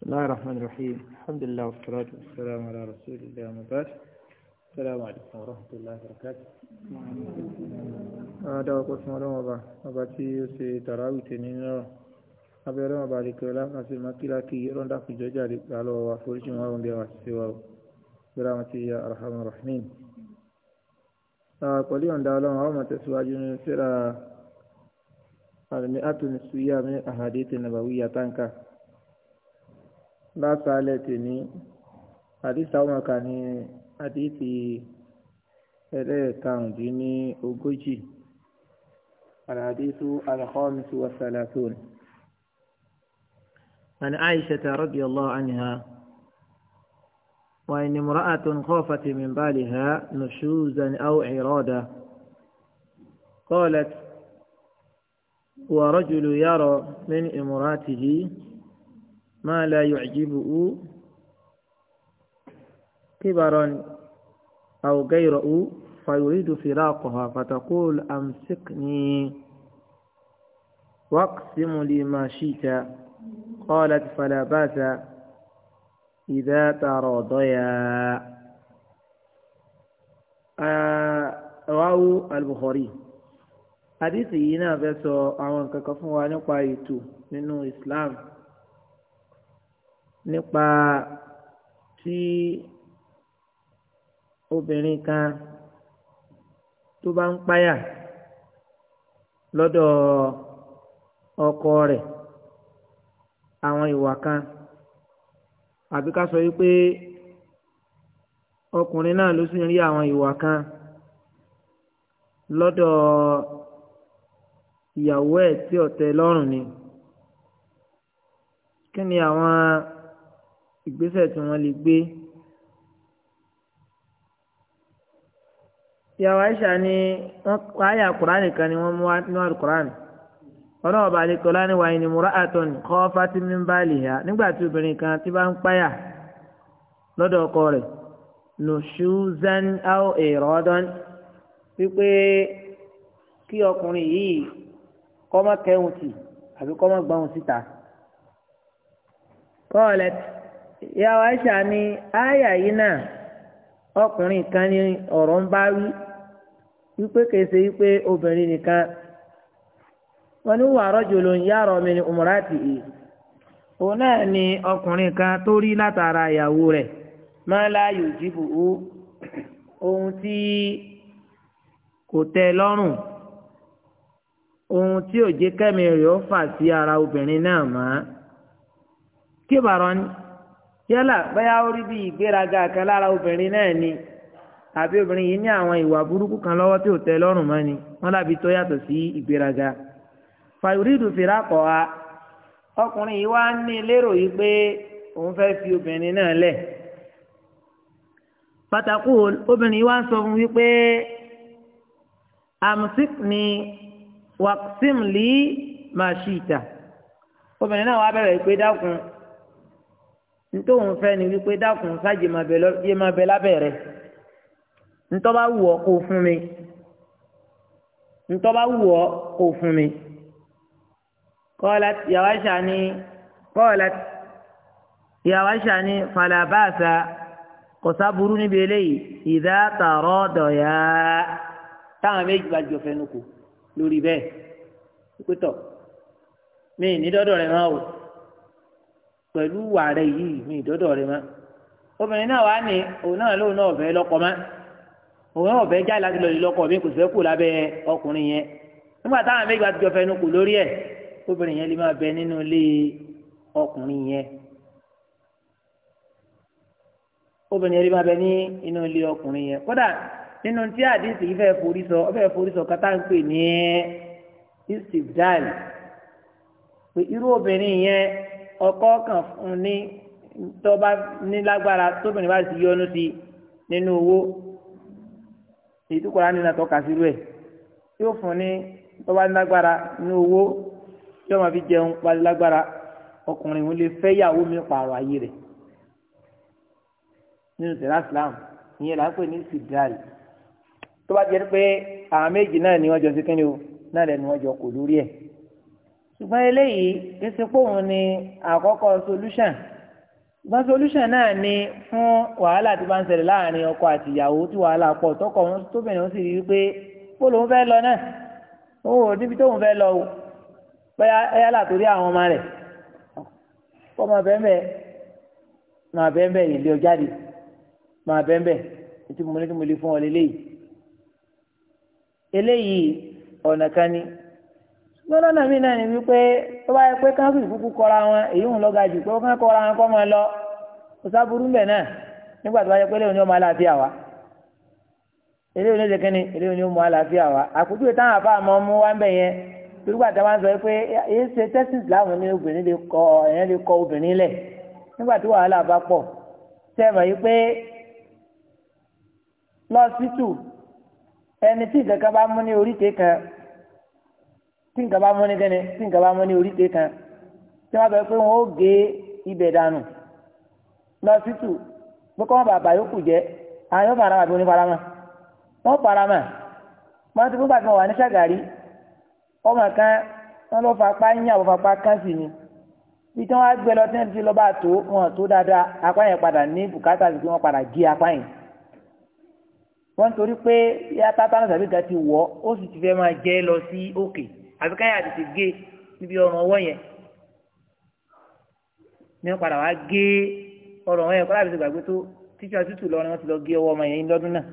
بسم الله الرحمن الرحيم الحمد لله والصلاة والسلام على رسول الله مبارك السلام عليكم ورحمة الله وبركاته هذا هو قسم الله مبارك مبارك سيتراوي تنين abẹ́rẹ́ wọn balẹ̀ kí ọlá kan sí makilaki rọ́ndà kùjọ jáde lálọ́ wa foríṣi wọn wọn bí wọn ṣe wá o gbéra wọn ti ya arhamar rahim. pẹ̀lú ọ̀dà ọlọ́run àwọn ọmọ tẹ̀síwájú ní sẹ́ra àlùmí àtúnṣe yá mi àhàdé tẹ̀nàbàwí yàtàǹkà lásàálẹ̀ tèmi àdìsá ọmọkà ni àdìsí ẹlẹ́ẹ̀karùndínní ogójì àdìsú alkhamisu wasalasun. عن عائشة رضي الله عنها وإن امرأة خافت من بالها نشوزا أو عرادا قالت ورجل يرى من امراته ما لا يعجبه كبرا أو غيره فيريد فراقها فتقول أمسكني واقسم لي ما شئت قالت فلا بأس إذا تراضيا آه، رواه البخاري حديث هنا بس أو أنك àwọn kankan قايتو wa nípa nípa tí obìnrin kan tó bá ń páyà lọ́dọ̀ ọkọ rẹ̀ àwọn ìwà kan àbí ká sọ wípé ọkùnrin náà ló sì ń rí àwọn ìwà kan lọ́dọ̀ ìyàwó ẹ̀ tí ọ̀tẹ̀ lọ́rùn ni kí ni àwọn ìgbésẹ̀ tí wọ́n lè gbé. ìyàwó Aisha ni wọ́n àyà Kùránì kan ni wọ́n mú wá nínú àlùkùránì ọlọ́run ọba àlekọ́lá ni wàá ìnìmúra àtọ̀ nìkọ́ fatimim báàlì ha nígbà tí obìnrin kan ti bá ń páyà lọ́dọ̀ ọkọ rẹ̀ nùṣúzán áò èrọ́dán wípé kí ọkùnrin yìí kọ́mọ kẹ́hùn tì àbí kọ́mọ gbọ́hùn síta. kọ́ọ̀lẹ́tì. ìyàwó àṣà ni aya yi náà ọkùnrin kan ni ọ̀rọ̀ ń bá wí wípé kèsè wípé obìnrin nìkan wọn ní wà rajulun yàrá mi ní umurati ni ọkùnrin kan tó rí látara ìyàwó rẹ̀ máa láàyò jìbù ó ohun tí kò tẹ́ lọ́rùn ohun tí ò kẹ́mi rẹ̀ ó ara obìnrin náà mọ́ yálà bóyá ó igberaga bí ìgbéraga kan lára obìnrin náà ni àbí obìnrin yìí ní àwọn ìwà burúkú kan lọ́wọ́ tí ò tẹ́ lọ́rùn mọ́ ni wọ́n dàbí tó yàtọ̀ sí ìgbéraga. fàyòrídù fìrà kọ́ ha ọkùnrin yìí wá ní lérò yìí pé òun fẹ́ fi obìnrin náà lẹ̀. pàtàkù obìnrin yìí wá ń sọ fún wípé amsik ni wàksìm lì màṣíìtà obìnrin náà wá bẹ̀rẹ̀ pé dákun. ntòun fẹ́ ni wípé dákun sáàjì máa bẹ lábẹ́ rẹ ntọ́ bá wù ọ́ kó fún mi ntọ́ bá wù ọ́ kó fún mi kọ́ọ̀lá yàwá Àìṣà ni kọ́ọ̀lá yàwá Àìṣà ni falabasa kọ̀sá burú níbi eléyìí ìdá tààrọ́ dọ̀yà táwọn méjì bá jọ fẹnu kù lórí bẹ́ẹ̀ pípẹ́tọ̀ mi ní dọ́dọ̀ rẹ̀ máa wò. pẹ̀lú ààrẹ yìí mi ìdọ́dọ̀ rẹ mọ́ obìnrin náà wà ní òun náà lóun náà ọ̀fẹ́ lọ́kọ mọ́ òun ọ̀fẹ́ já láti lọ́ọ́ lọ́kọ mi kò fẹ́ kù lábẹ́ ọkùnrin yẹn nígbà táwọn méjì bá ti jọ fẹnu kù lórí ẹ̀ obìnrin yẹn lè máa bẹ nínú ilé ọkùnrin yẹn obìnrin yẹn lè máa bẹ ní inú ilé ọkùnrin yẹn kódà nínú tí àdìsí fẹ́ forí sọ ọ fẹ́ forí sọ kátà ń pè ní pé irú obìnrin yẹn ọkọ kan fún ní tó bá ní lágbára tóbìnrin bá ti yọnu sí nínú owó èyí tó kọ́ra nínú àtọ́ka sírú ẹ̀ yóò fún ní tó bá ní lágbára nínú owó yóò máa fi jẹun pálí lágbára ọkùnrin òun lè fẹ́ yàwó mi pààrọ̀ ayé rẹ̀ nínú sẹ̀rá islam ìyẹn là ń pè ní sidrali tó bá jẹ́ pé àwọn méjì náà ni wọ́n jọ sí kíni o náà lẹ́nu wọ́n jọ kò lórí ẹ̀ ṣùgbọ́n eléyìí èsì pòun ni àkọ́kọ́ solution ṣùgbọ́n solution náà ni fún wàhálà tí bá ń ṣẹlẹ̀ láàrin ọkọ àti ìyàwó tí wàhálà pọ̀ tọkọ wọn tóbìnrin ó sì rí i pé bó lòun fẹ́ lọ náà òun ò níbi tóun fẹ́ lọ o bóyá ẹ̀yálà torí àwọn ọmọ rẹ̀ ọmọ bẹ́ẹ̀ máa bẹ́ẹ̀ ìlé ọjáde máa bẹ́ẹ̀ ètò ìmọ̀lẹ́tìmọ̀lẹ́ fún ọ lọ́nà mi náà ni wípé tó bá yẹ pé káńsù kúkú kọra wọn èyí ń lọ́ga jù pé ó kàn kọra wọn kọ́ máa lọ òṣàbùrú ń bẹ̀ náà nígbà tó bá yẹ pé léwu ni ó máa láàfíà wa eléwu ni ó ṣe kínní eléwu ni ó máa láàfíà wa àkójúwe táwọn àbá àmọ́ mú wá ń bẹ̀ yẹn torígbà tá a máa ń sọ pé èyí ṣe tẹ́sí ìsìláàmù ní obìnrin lè kọ ẹ̀yẹn lè kọ obìnrin lẹ̀ nígbà tí wàhálà bá pọ̀ sẹ́ẹ̀mọ̀ yìí pé lọ́sítù ẹni tí ìkẹ́kẹ́ bá mú ní oríkèé kan tí nǹkan bá mọ́ ní kẹ́ni tí nǹkan bá mọ́ ní oríṣi kan tí wọ́n bẹ pé wọ́n ó gé ibẹ̀ dànù lọ sítù pé kọ́ wọn bàbá yókù jẹ́ àwọn yóò fara àbí onífarama wọ́n farama wọ́n ti fúnpa kan wà ní sàgàrí ọmọ kan wọ́n lọ́ fapá yín àbọ̀ fapá kan sì ni bí tí wọ́n á gbé lọ tí wọ́n ti lọ́ bá tó wọn tó dáadáa apá yẹn padà ní bùkátà sí pé wọ́n padà gé apá yẹn wọ́n torí pé yá tátánù tàbí ga ti wọ̀ ó sì ti fẹ́ máa jẹ́ lọ sí òkè. Okay àfi káyà tètè gé níbi ọrùn ọwọ́ yẹn ní wọ́n padà wá gé ọrùn ọwọ́ yẹn kọ́lá àbí ti gbàgbé tó tíṣà tútù lọ ni wọ́n ti lọ gé ọwọ́ ọmọ yẹn lọ́dún náà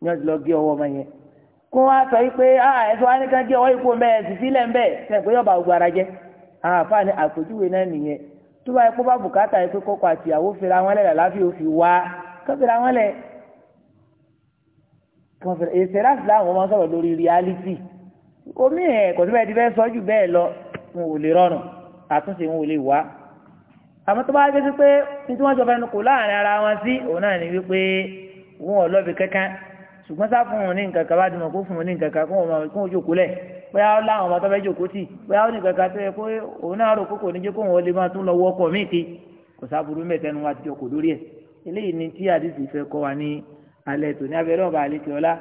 ni wọ́n ti lọ gé ọwọ́ ọmọ yẹn kó wá sọ ah, ẹ̀sọ́ wa ní ká gé ọwọ́ ipò mẹ́ẹ̀ sì sílẹ̀ ń bẹ̀ sẹ́yìn pé yọ̀bà gbogbo ara jẹ́ àáfàá ni àpèjúwe náà nìyẹn tó bá yẹ kó bá bùkátà yẹ pé kọ́kọ́ àtìyàwó fira wọn lẹ̀ làláfíà ó wá kọ́ fira wọn lẹ̀ kọfẹrẹ èsè láti láwọn máa sọ̀rọ̀ lórí reality omi ẹ kò tó bẹ́ẹ̀ ti fẹ́ sọ jù bẹ́ẹ̀ lọ n ò lè rọrùn àtúnṣe n ò lè wá àmọ́ tó bá gbé sí pé títí wọn jọ fẹnu kò láàrin ara wọn sí òun náà ní wípé wọn ò lọbi kankan ṣùgbọ́n sá fún wọn ní nǹkan kan bá dùn kó fún wọn ní nǹkan kan kó wọn kó wọn jókòó lẹ̀ bóyá ó láwọn ọmọ tó fẹ́ jókòó tì bóyá ó ní nǹkan kan tó yẹ kó òun náà rò kókò níjẹ́ kó wọn lè máa tún lọ wọ́kọ̀ míì ti kò sábúrú mẹ́tẹ́nu wa ti jọ kò lórí ẹ̀ eléyìí ni tí àdìsí fẹ́ kọ́ wa ní alẹ́ tòní abẹ́rẹ́ ọba àlejò ọlá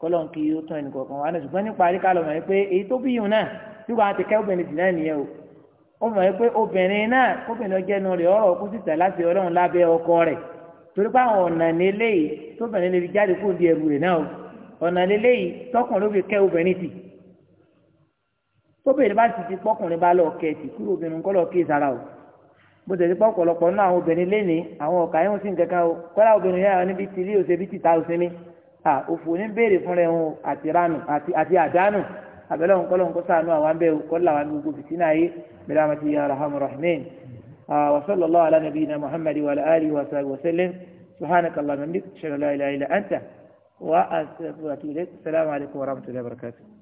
kọ́lọ́n kí ó tán ẹnì kọ̀ọ̀kan wà náà ṣùgbọ́n nípa àríkàlọ́ mọ̀ pé èyí tó bí yùn náà tí wàá ti kẹ́ obìnrin dì náà nìyẹn o ó mọ̀ pé obìnrin náà kóbìnrin ọjẹ́nu rẹ̀ ọ̀rọ̀ kó sì tẹ̀ láti ọlọ́run lábẹ́ ọkọ rẹ̀ torí pé àwọn ọ̀nà lélẹ́yìí tóbìnrin lè fi jáde kó di ẹrù rẹ̀ náà o ọ̀nà lélẹ́yìí tọkùnrin ló fi bó ṣe ti pọ́ ọ̀pọ̀lọpọ̀ náà àwọn obìnrin léni àwọn ọ̀kà yóò sì ń kankan o kọ́lá obìnrin yára níbi ti rí òṣèbí ti ta òṣèmí à òfò ní béèrè fún rẹ̀ hàn àti ránù àti àdánù àbẹ̀lẹ̀ òun kọ́lọ́ nǹkan sànú àwọn abẹ́ kọ́lá àwọn gbogbo fìtínà yé bẹ̀rẹ̀ àmàtí arahamu rahman wa sallallahu ala nabiyina muhammad wa ala alihi wa sahbihi wa sallam wa bihamdika ashhadu an la wa astaghfiruka wa atubu ilaik wa rahmatullahi wa barakatuh